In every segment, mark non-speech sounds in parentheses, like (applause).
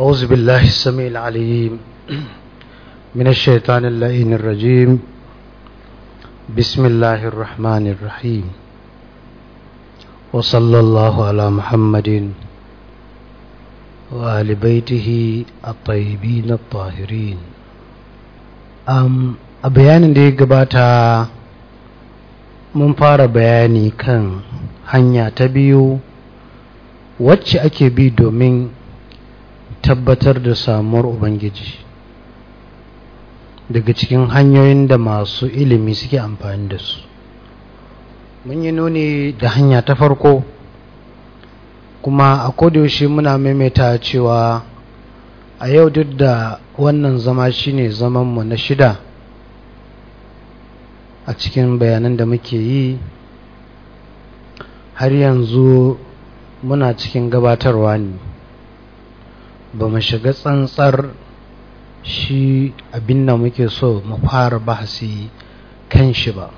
أعوذ بالله السميع العليم من الشيطان اللئين الرجيم بسم الله الرحمن الرحيم وصلى الله على محمد وآل بيته الطيبين الطاهرين أم أبيان دي قباتا من فار بياني كان hanya ta biyu wacce ake bi domin tabbatar da samuwar ubangiji daga cikin hanyoyin da masu ilimi suke amfani da su mun yi nuni da hanya ta farko kuma a kodayaushe muna maimaita cewa a yau duk da wannan zama shine zamanmu na shida a cikin bayanan da muke yi har yanzu muna cikin gabatarwa ne ba mu shiga tsantsar shi abin da muke so mu fara bahasi kan shi ba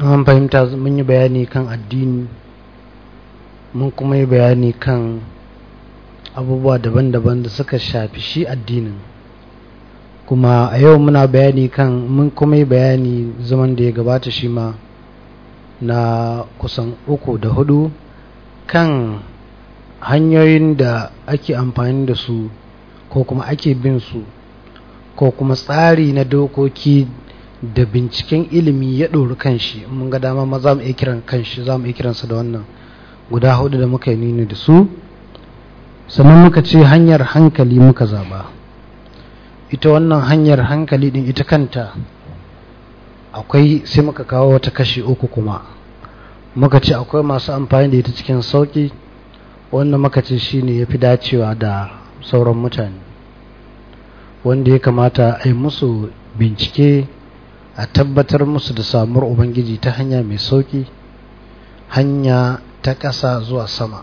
an fahimta mun yi bayani kan addini mun kuma yi bayani kan abubuwa daban-daban da suka shafi shi addinin kuma a yau muna bayani kan mun kuma yi bayani zaman da ya gabata shi ma na kusan uku da hudu kan hanyoyin da ake amfani da su ko kuma ake bin su ko kuma tsari na dokoki da binciken ilimi ya ɗori kanshi mun ga dama ma za mu iya kiran kanshi za mu iya kiransa da wannan guda hudu da muka yi nini da su sannan muka ce hanyar hankali muka zaba ita wannan hanyar hankali din ita kanta akwai sai muka kawo wata kashi uku kuma muka ce akwai masu amfani da ita cikin sauki wannan makacin shi ne ya fi dacewa da sauran mutane wanda ya kamata a yi musu bincike a tabbatar musu da samuwar ubangiji ta hanya mai sauki hanya ta ƙasa zuwa sama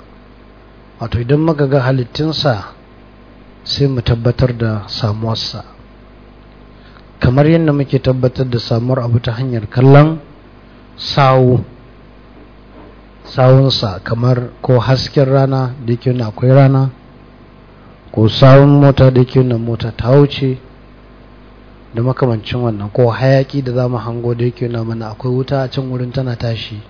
wato idan muka ga halittinsa sai mu tabbatar da samuwarsa kamar yadda muke tabbatar da samuwar abu ta hanyar kallon sawu sawunsa kamar ko hasken rana da yake akwai rana ko sawun mota da yake mota ta wuce da makamancin wannan ko hayaki da za mu hango da yake mana akwai wuta a can wurin tana tashi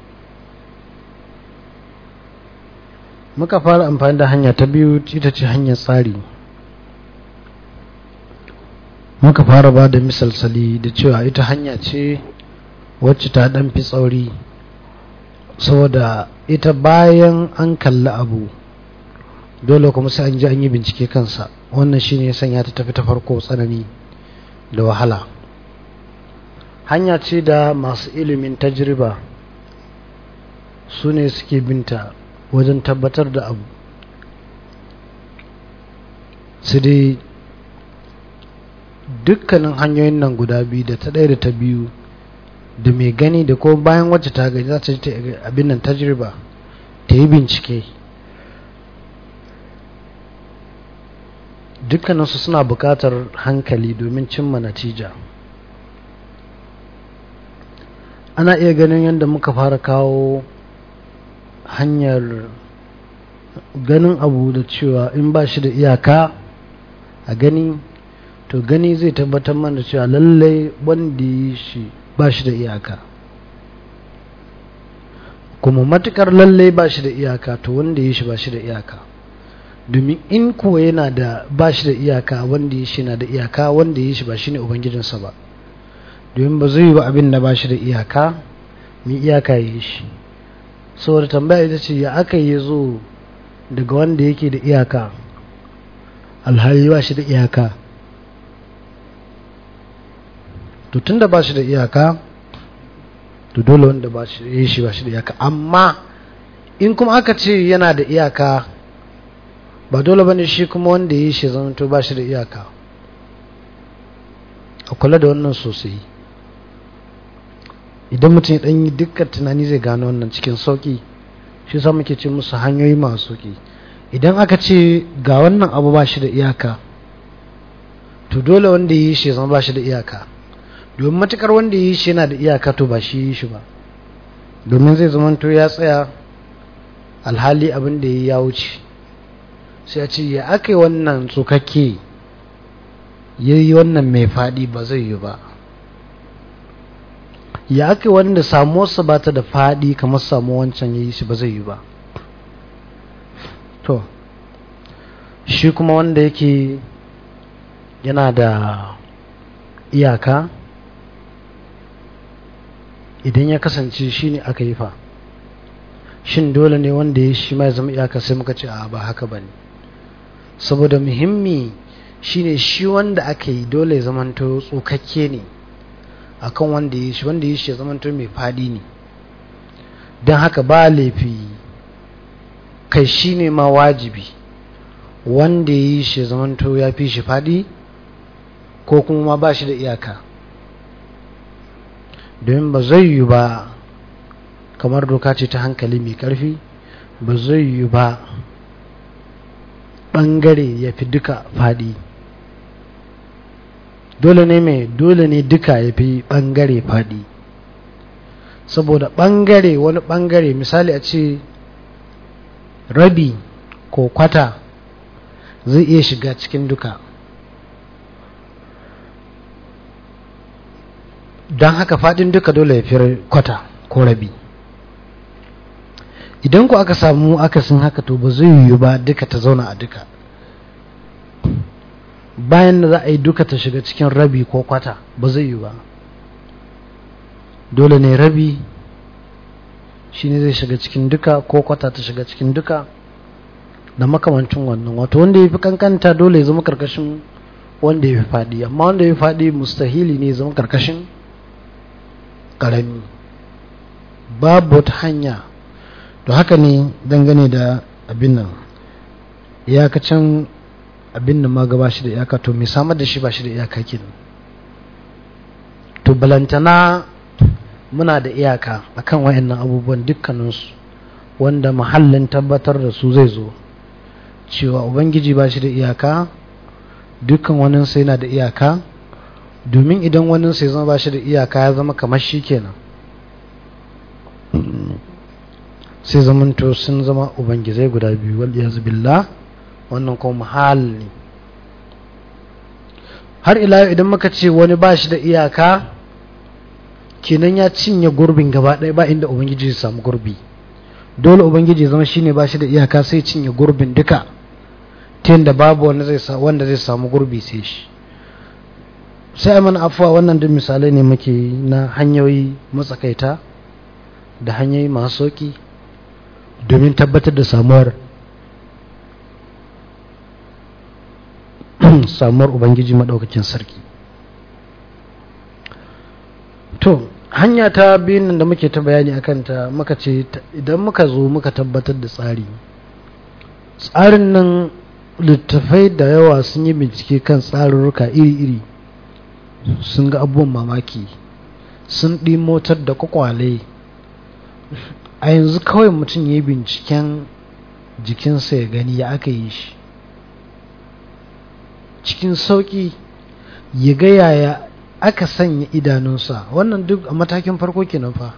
muka fara amfani da hanya ta biyu ita ce hanyar tsari muka fara ba da misalsali da cewa ita hanya ce wacce ta dan fi tsauri saboda ita bayan an kalli abu dole kuma sai an ji an yi bincike kansa wannan shi ne sanya ta tafi ta farko tsanani da wahala hanya ce da masu ilimin tajriba su ne suke binta wajen tabbatar da abu su dai dukkanin hanyoyin nan guda biyu da ta ɗaya da ta biyu da mai gani da ko bayan wacce ta gani za ta ji abin nan tajriba ta yi bincike dukkaninsu suna bukatar hankali domin cimma natija ana iya ganin yadda muka fara kawo hanyar ganin abu da cewa in ba shi da iyaka a gani to gani zai tabbatar mana cewa lallai wanda yi shi ba shi da iyaka kuma matukar lalle ba shi da iyaka to wanda ya shi ba shi da iyaka domin in kuwa yana da ba shi da iyaka wanda ya shi na da iyaka wanda ya shi ba shi ne ubangijinsa ba domin ba zai yi ba abin da ba shi da iyaka mai iyaka ya yi shi saboda tambaya ita ce ya aka yi zo daga wanda yake da iyaka alhali ba shi da iyaka to da ba shi da iyaka to dole wanda ba shi yi eh, shi ba shi da iyaka amma in kuma aka ce yana da iyaka ba dole ba ne shi kuma wanda yi shi zama to ba shi da iyaka a kula da wannan sosai idan mutum ya ɗanyi dukkan tunani zai gano wannan cikin sauƙi shi sa muke ce musu hanyoyi masu sauƙi idan aka ce ga wannan abu ba shi da iyaka to dole wanda yi shi zama ba shi da iyaka domin matukar wanda yi shi yana da iyaka to ba shi yi shi ba domin zai zama zamanto ya tsaya alhali abin da ya wuce sai a ce ya aka wannan tsokakke ya yi wannan mai faɗi ba zai yi ba ya aka yi wanda samuwarsa ba ta da faɗi kamar samu wancan ya yi shi ba zai yi ba to shi kuma wanda yake yana da iyaka idan ya kasance shi ne aka yi fa shin dole ne wanda ya shi mai zama iyaka sai muka ce a ba haka ba ne saboda muhimmi shi ne shi wanda aka yi dole ya zamanto tsokakke ne kan wanda ya shi wanda ya shi ya zamanto mai faɗi ne don haka ba laifi kai shi ne ma wajibi wanda ya yi shi zamanto ya fi shi faɗi ko kuma ma ba shi da iyaka don ba zai yi ba kamar doka ce ta hankali mai karfi ba zai yi ba bangare ya fi duka fadi dole ne mai dole ne duka ya fi bangare fadi saboda ɓangare wani ɓangare misali a ce rabi ko kwata zai iya shiga cikin duka don haka fadin duka dole ya fi kwata ko rabi idan ku aka samu akasin haka to ba zai yiwu ba duka ta zauna a duka bayan da za a yi duka ta shiga cikin rabi ko kwata ba zai yiwu ba dole ne rabi shine zai shiga cikin duka ko kwata ta shiga cikin duka da makamancin wannan wato wanda ya fi kankanta dole ya zama karkashin wanda ya fi faɗi amma wanda ya fi faɗi mustahili ne ya zama karkashin karami babu wata hanya to haka ne dangane da abin nan iyakacin abin da maga ba shi da iyaka to mai samar da shi ba shi da iyaka to balantana muna da iyaka a akan wayannan abubuwan dukkaninsu wanda mahallin tabbatar da su zai zo cewa ubangiji ba shi da iyaka dukkan wani sai na da iyaka domin idan wani sai zama ba shi da iyaka ya zama kamar shi kenan sai zamanto sun zama ubangizai guda biyu wal yanzu wannan kuma mahal ne har ila idan muka ce wani ba shi da iyaka kenan ya cinye gurbin gaba ɗaya ba inda ubangiji ya samu gurbi dole ubangiji ya shi ne ba shi da iyaka sai cinye gurbin duka ta yadda babu wanda zai samu gurbi sai shi sai mana afuwa wannan duk misalai ne muke na hanyoyi matsakaita da hanyoyi masu sauki domin tabbatar da samuwar (clears throat) samuwar ubangiji maɗaukakin sarki to hanya ta biyun da muke ta bayani a kanta muka ce idan muka zo muka tabbatar da tsari tsarin nan littattafai da yawa sun yi bincike kan tsarurruka iri-iri sun ga abubuwan mamaki sun ɗi motar da kwakwale a yanzu kawai mutum ya yi binciken jikinsa ya gani ya aka yi shi cikin sauƙi ya ga yaya aka sanya idanunsa wannan duk a matakin farko kenan fa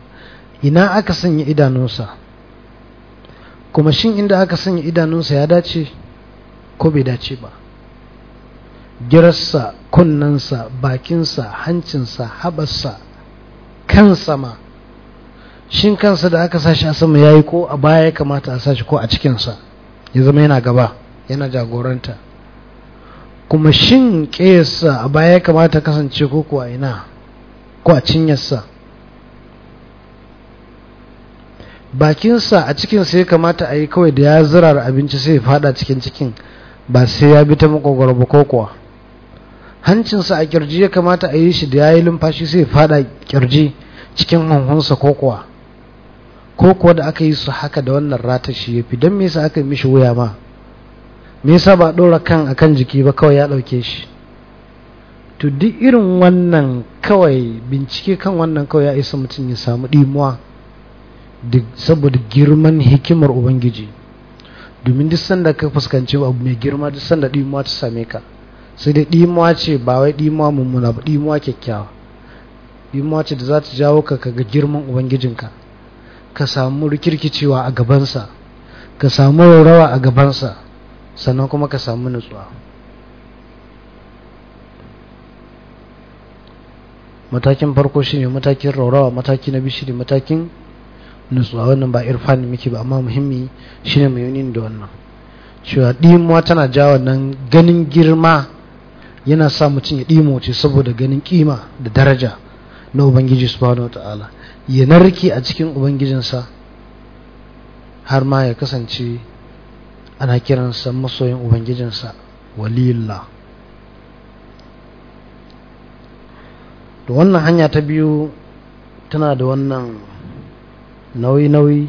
ina aka sanya idanunsa kuma shin inda aka sanya idanunsa ya dace ko bai dace ba girarsa kunnensa bakinsa hancinsa habarsa kansa ma shin kansa da aka sashi a sama ya yi ko a baya ya kamata a sashi ko a cikinsa ya zama yana gaba yana jagoranta kuma shin ƙesa a baya ya kamata kasance ko kuwa ina ko a cinyarsa bakinsa a cikinsa ya kamata a yi kawai da ya zirar abinci sai ya fada cikin cikin ba sai ya bi ta makogwaro ba ko kuwa hancinsa a kirji ya kamata a yi shi da yayi lumfashi sai fada kirji cikin hunhunsa ko kuwa ko kuwa da aka yi su haka da wannan ratar shi yafi don me yasa aka yi mishi wuya ma me yasa ba ɗora kan akan jiki ba kawai ya ɗauke shi to duk irin wannan kawai bincike kan wannan kawai ya isa mutum ya samu ɗimuwa saboda girman hikimar ubangiji domin duk sanda ka fuskanci abu mai girma duk sanda ɗimuwa ta same ka sai dai ɗimuwa ce ba wai ɗimuwa mummuna ba ɗimuwa kyakkyawa ɗimuwa ce da za ta jawo ka ga girman ubangijinka ka samu rikirkicewa a gabansa ka samu rawa a gabansa sannan kuma ka samu nutsuwa matakin farko shi ne matakin raurawa mataki na bishiri matakin nutsuwa wannan ba irfani muke ba amma muhimmi shine mai yunin da wannan cewa ɗimuwa tana jawo nan ganin girma yana sa mutum ya ɗimoce saboda ganin ƙima da daraja na ubangiji subhanahu wa ta'ala ya narke a cikin ubangijinsa har ma ya kasance ana kiransa masoyin ubangijinsa waliyullah da wannan hanya ta biyu tana da wannan nauyi-nauyi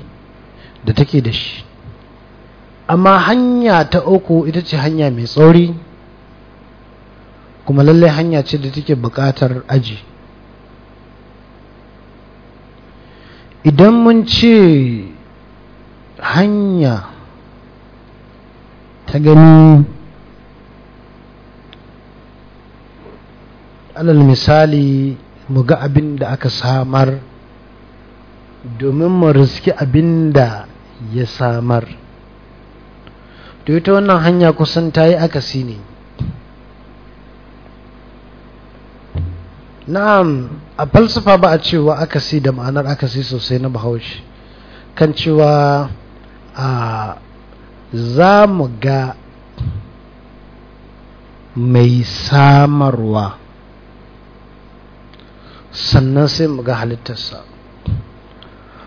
da take da shi amma hanya ta uku ita ce hanya mai tsauri kuma lalle hanya ce da take buƙatar aji idan mun ce hanya ta gani alal misali mu ga abin da aka samar domin mu riski abin da ya samar to ita wannan hanya kusan ta yi akasi ne na'am a falsafa ba a cewa akasi da ma'anar akasi sosai na bahaushe kan cewa a za mu ga mai samarwa sannan sai mu ga halittarsa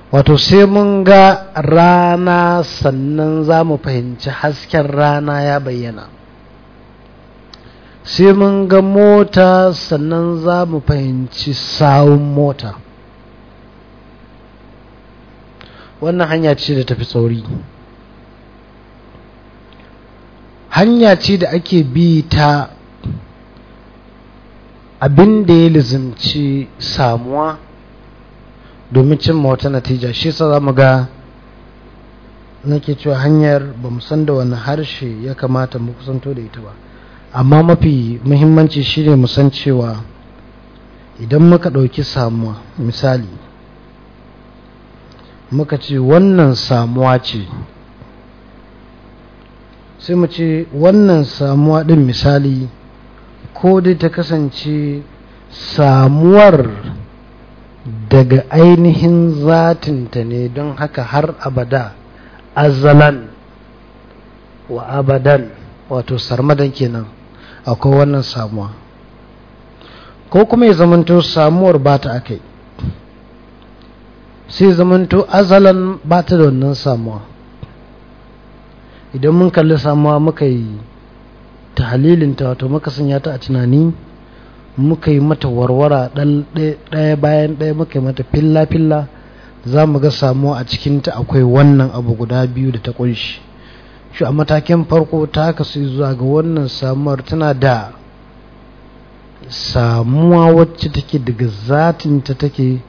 wato sai mun ga rana sannan za mu fahimci hasken rana ya bayyana sai mun ga mota sannan za mu fahimci sawun mota wannan hanya ce da tafi tsauri hanya ce da ake bi ta abin da ya lizimci samuwa domin cimma wata natija shi sa za mu ga nake cewa hanyar ba mu san da wani harshe ya kamata mu kusanto da ita ba amma mafi muhimmanci shine mu san cewa idan muka ɗauki samuwa misali muka ce wannan samuwa ce sai mu ce wannan samuwa ɗin misali ko dai ta kasance samuwar daga ainihin zatinta ne don haka har abada azalan wa abadan wato sarmadan kenan akwai wannan samuwa ko kuma ya zamanto samuwar ba ta akai sai zamanto azalan ba ta da wannan samuwa idan mun kalli samuwa muka yi ta halilinta wato muka sanya ta a tunani muka yi mata warwara ɗaya bayan ɗaya muka yi mata filla-filla za mu ga samuwa a cikinta akwai wannan abu guda biyu da ta ƙunshi shi a matakin farko ta kasu zuwa ga wannan samuwar tana da samuwa wacce take daga zatin ta take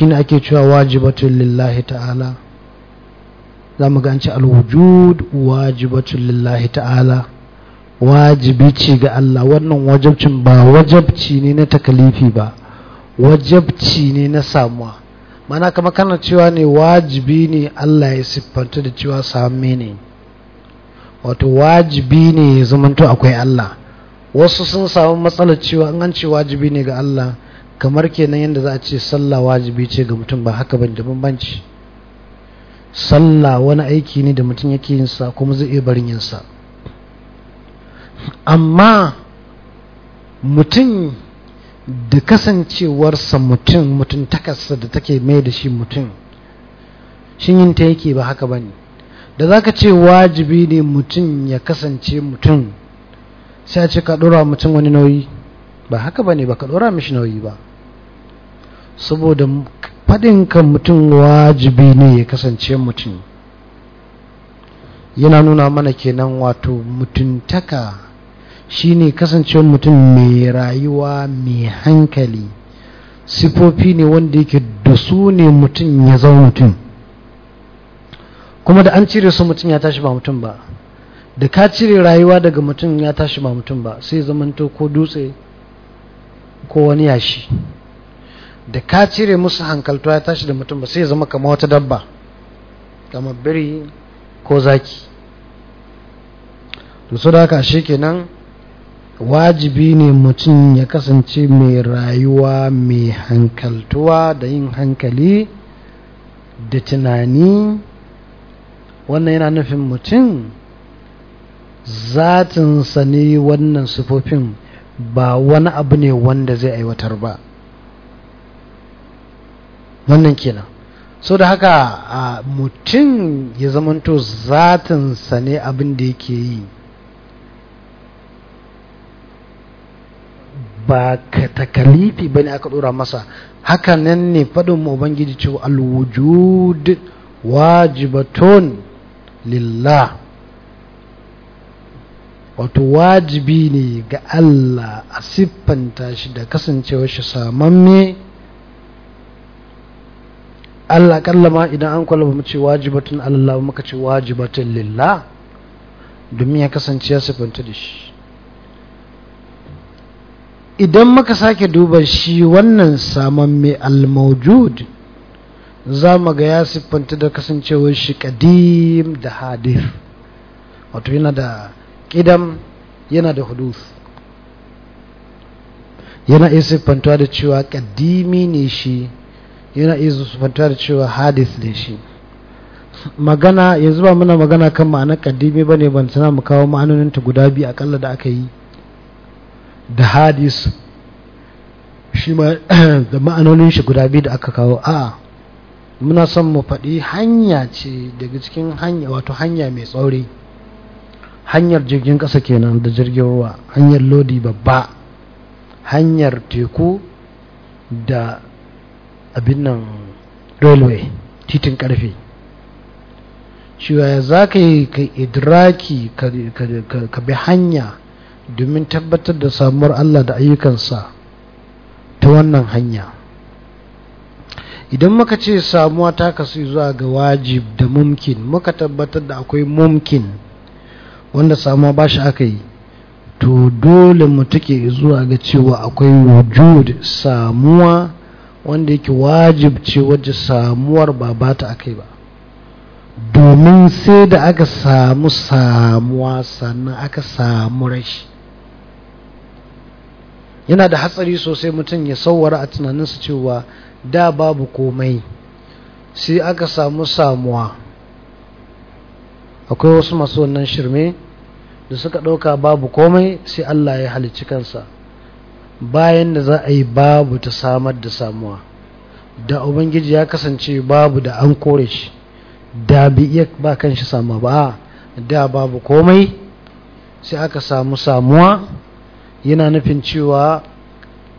ne ake cewa wajibatun lillahi ta'ala za mu ganci alwujud wajibatun lillahi ta'ala wajibi ce ga Allah wannan wajabcin ba wajabci ne na takalifi ba wajabci ne na samuwa mana kama kana cewa ne wajibi ne Allah ya siffanta da cewa same ne wato wajibi ne ya zamanto akwai Allah wasu sun samu matsalar cewa an an ce wajibi ne ga Allah kamar kenan yadda za a ce sallah wajibi ce ga mutum ba haka bane da bambanci sallah wani aiki ne da mutum yake yin sa kuma zai iya barin yin sa amma mutum da kasancewarsa mutum mutum takarsa da take mai da shi mutum shin yin ta yake ba haka bane da za ka ce wajibi ne mutum ya kasance mutum sai a ce ka ɗora mutum wani nauyi ba haka ba ne ba ka ɗora mishi nauyi ba saboda faɗin kan mutum wajibi ne ya kasance mutum yana nuna mana kenan wato mutuntaka shi ne kasancewar mutum mai rayuwa mai hankali sifofi ne wanda yake da su ne mutum ya zama mutum kuma da an cire su mutum ya tashi ba mutum ba da ka cire rayuwa daga mutum ya tashi ba mutum ba sai zamanto ko dutse ko wani yashi da ka cire musu hankaltuwa ya tashi da mutum ba sai zama kama wata dabba kama biri ko zaki to da haka shi kenan wajibi ne mutum ya kasance mai rayuwa mai hankaltuwa da yin hankali da tunani wannan yana nufin mutum zatinsa ne wannan sufofin ba wani abu ne wanda zai aiwatar ba wannan kenan so da haka mutum ya zamanto zatinsa ne abin da yake yi ba ka takalifi ba ne aka dora masa hakanan ne faɗin ubangiji cewa alwujud wajibaton lillah wato wajibi ne ga Allah a siffanta shi da kasancewar shi samamme Allah kallama idan an kwalaba mu ce wajibatun Allah muka ce wajibatun lillah domin ya kasance ya siffanta da shi idan muka sake duban shi wannan samamme al-mawjud za mu ga ya siffanta da kasancewar shi kadim da hadir wato yana da kidam yana da hudus yana iya siffantuwa da cewa kadimi ne shi yana iya siffantuwa da cewa hadis ne shi magana yanzu ba muna magana kan ma'anar kadimi ba ne ban tana mu kawo ma'anoninta guda biyu akalla da aka yi da hadis shi ma (coughs) da ma'anonin shi guda biyu da aka kawo a'a muna son mu faɗi hanya ce daga cikin hanya wato hanya mai tsauri hanyar jirgin ƙasa kenan da jirgin ruwa hanyar lodi babba hanyar teku da abin nan railway titin ƙarfe cewa za ka yi ka idraki ka bi hanya domin tabbatar da samuwar allah da ayyukansa ta wannan hanya idan muka ce samuwa ta kasu zuwa ga wajib da mumkin muka tabbatar da akwai mumkin wanda samuwa ba shi aka yi to dole mu take zuwa ga cewa akwai wujud samuwa wanda yake wajib ce wajen samuwar ba ba ta aka yi ba domin sai da aka samu samuwa sannan aka samu rashi yana da hatsari sosai mutum ya sauwara a tunaninsa cewa da babu komai sai aka samu samuwa akwai wasu masu wannan shirme da suka ɗauka babu komai sai Allah ya halicci kansa bayan da za a yi babu ta samar da samuwa da ubangiji ya kasance babu da an kore shi da bi iya ba kan shi samuwa ba da babu komai sai aka samu samuwa yana nufin cewa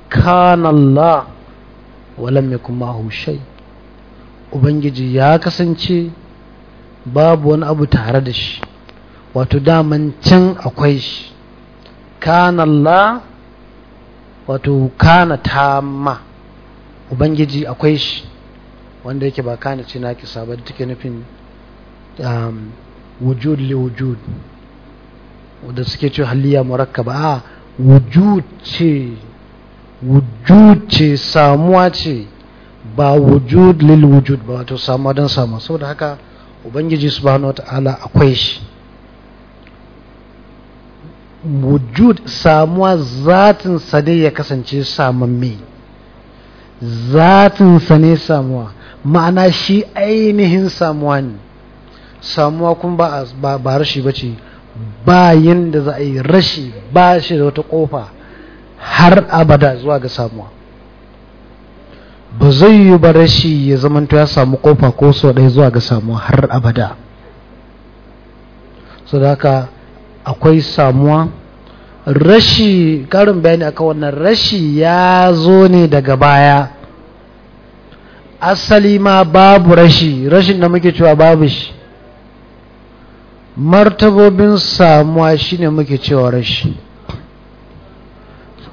kana Allah walam yakun kuma hushai ubangiji ya kasance babu wani abu tare da shi wato daman can akwai shi kana wato kana tamma ubangiji akwai shi wanda yake ba kana ce na ki da take nufin um, wujud li wujud da suke ce halliya murakkaba a wujud ce wujud ce samuwa ce ba wujud lil wujud ba wato samuwa don samuwa saboda haka ubangiji subhanahu wata'ala akwai shi wujud samuwa zatin sa dai ya kasance samamme zatin sa ne samuwa ma'ana shi ainihin samuwa ne samuwa kuma ba rashi ba ce bayan da za a yi rashi ba shi da wata kofa har abada zuwa ga samuwa ba zai yi ba rashi ya zamanta ya samu kofa ko so ɗaya zuwa ga samuwa har abada so da haka akwai samuwa rashi karin bayani aka wannan rashi ya zo ne daga baya asali ma babu rashi rashin da muke cewa babu shi martabobin samuwa shine muke cewa rashi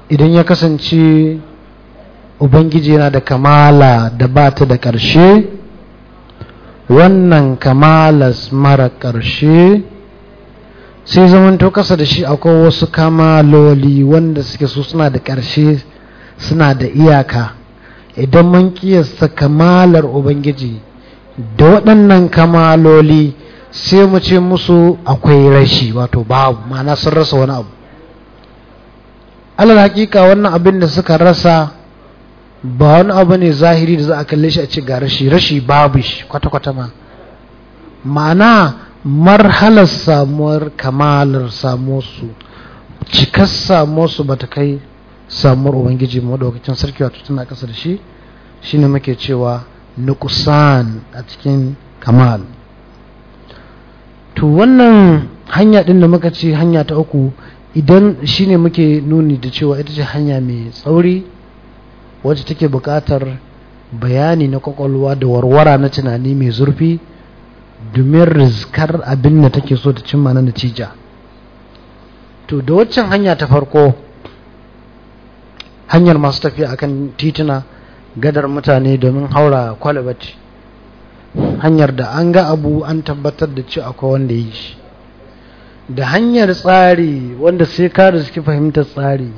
idan ya kasance ubangiji yana da kamala da ba ta da ƙarshe wannan kamalas mara ƙarshe sai zamanto kasa da shi akwai wasu kamaloli wanda suke su suna da ƙarshe suna da iyaka idan mun kiyasta kamalar ubangiji da waɗannan kamaloli sai mu ce musu akwai rashi wato babu ma'ana sun rasa wani abu alal hakika wannan abin da suka rasa ba wani abu ne zahiri da za a kalle shi a ci ga rashi rashi babu shi kwata-kwata ma ma'ana marhalar samuwar kamalar samuwarsu cikas samuwarsu ba ta kai samuwar ubangiji daukacin sarki wato tana ƙasa da shi shine muke cewa nukusan a cikin kamal to wannan hanya ɗin da muka ce hanya ta uku idan shine muke nuni da cewa ita ce hanya mai tsauri wacce take buƙatar bayani na kwakwalwa da warwara na tunani mai zurfi domin rizkar abin da take so ta cimma na natija to da waccan hanya ta farko hanyar masu tafiya akan tituna gadar mutane domin haura kwalabati hanyar da an ga abu an tabbatar da ci akwai wanda yi shi da hanyar tsari wanda sai ka suke fahimtar tsari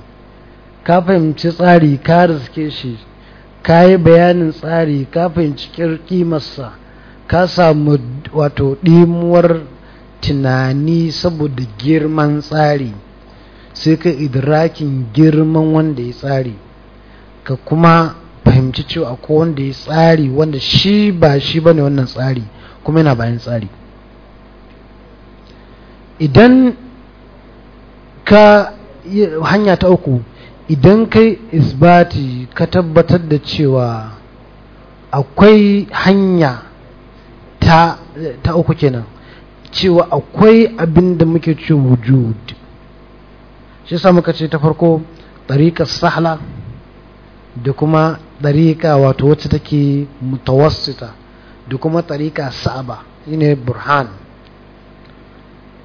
ka fahimci tsari ka riske shi ka yi bayanin tsari ka fahimci kimarsa ka samu wato ɗimuwar tunani saboda girman tsari sai ka idrakin girman wanda ya tsari ka kuma fahimci cewa akwai wanda ya tsari wanda shi ba shi ba ne wannan tsari kuma yana bayan tsari idan ka hanya ta uku idan kai isbati ka tabbatar da cewa akwai hanya ta, uku kenan cewa akwai abin da muke ce wujud shi sa muka ce ta farko tariƙar sahla da kuma ɗariƙa wato wacce take mutawassita da kuma ɗariƙa sa'aba shine burhan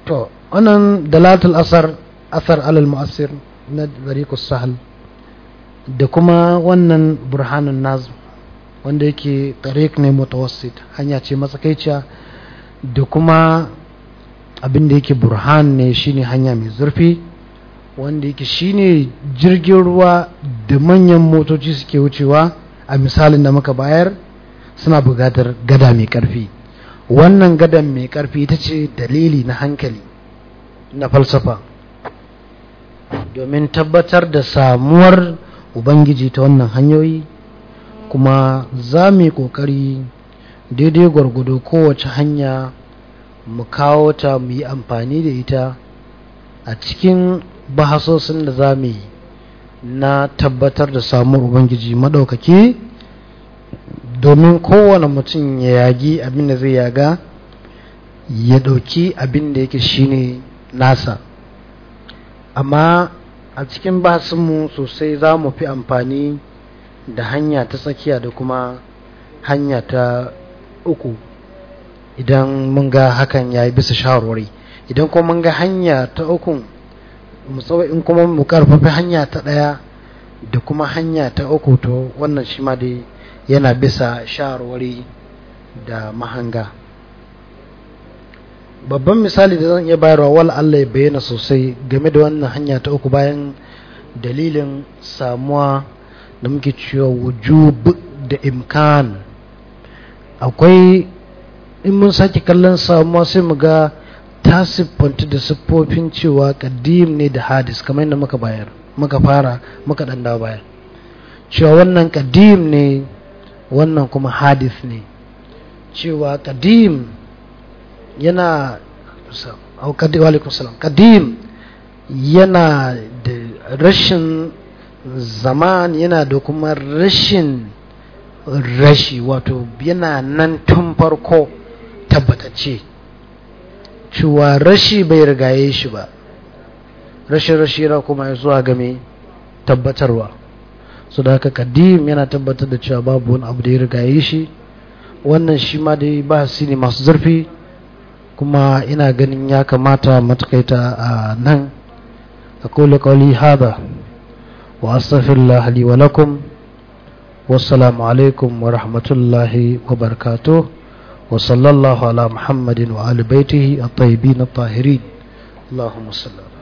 to wannan dalatul asar asar alal mu'assir na ɗariƙus sahal da kuma wannan burhanun nazm wanda yake tariq ne mutawassit hanya ce matsakaiciya da kuma abin da yake burhan ne shine hanya mai zurfi wanda yake shine jirgin ruwa da manyan motoci suke wucewa a misalin da muka bayar suna buƙatar gada mai ƙarfi wannan gadan mai ƙarfi ita ce dalili na hankali na falsafa domin tabbatar da samuwar ubangiji ta wannan hanyoyi kuma za mu yi ƙoƙari daidai gwargwado kowace hanya mu kawo ta mu yi amfani da ita a cikin bahasosin da za mu yi na tabbatar da samun ubangiji maɗaukaki domin kowane mutum ya yagi abin da zai yaga ya ɗauki abin da yake shine nasa amma a cikin basinmu sosai za mu fi amfani da hanya ta tsakiya da kuma hanya ta uku idan mun ga hakan ya yi bisa shawarwari idan kuma mun ga hanya ta ukun in kuma mu karfafi hanya ta ɗaya da kuma hanya ta uku to wannan shi ma dai yana bisa shawarwari da mahanga babban misali da zan iya bayarwa wal Allah ya bayyana sosai game da wannan hanya ta uku bayan dalilin samuwa da muke cewa wujub da imkan akwai in mun sake kallon samuwa sai mu ga ta siffanta da siffofin cewa kadim ne da hadis kamar yadda muka bayar muka fara muka dan dawo bayar cewa wannan kadim ne wannan kuma hadis ne cewa kadim yana salam kadim yana da rashin zaman yana da kuma rashin rashi wato yana nan tun farko tabbatacce cewa rashi bai rigaye shi ba rashin yana kuma ya zuwa game tabbatarwa su da haka kadim yana tabbatar da cewa babu wani abu da ya rigaye shi wannan shi ma dai ba ne masu zurfi kuma ina ganin ya kamata matakaita a nan a kula kauli haɗa wa asafin lahali wa lakum wassalamu alaikum wa rahmatullahi wa barakatuh وصلى الله على محمد وآل بيته الطيبين الطاهرين اللهم صل على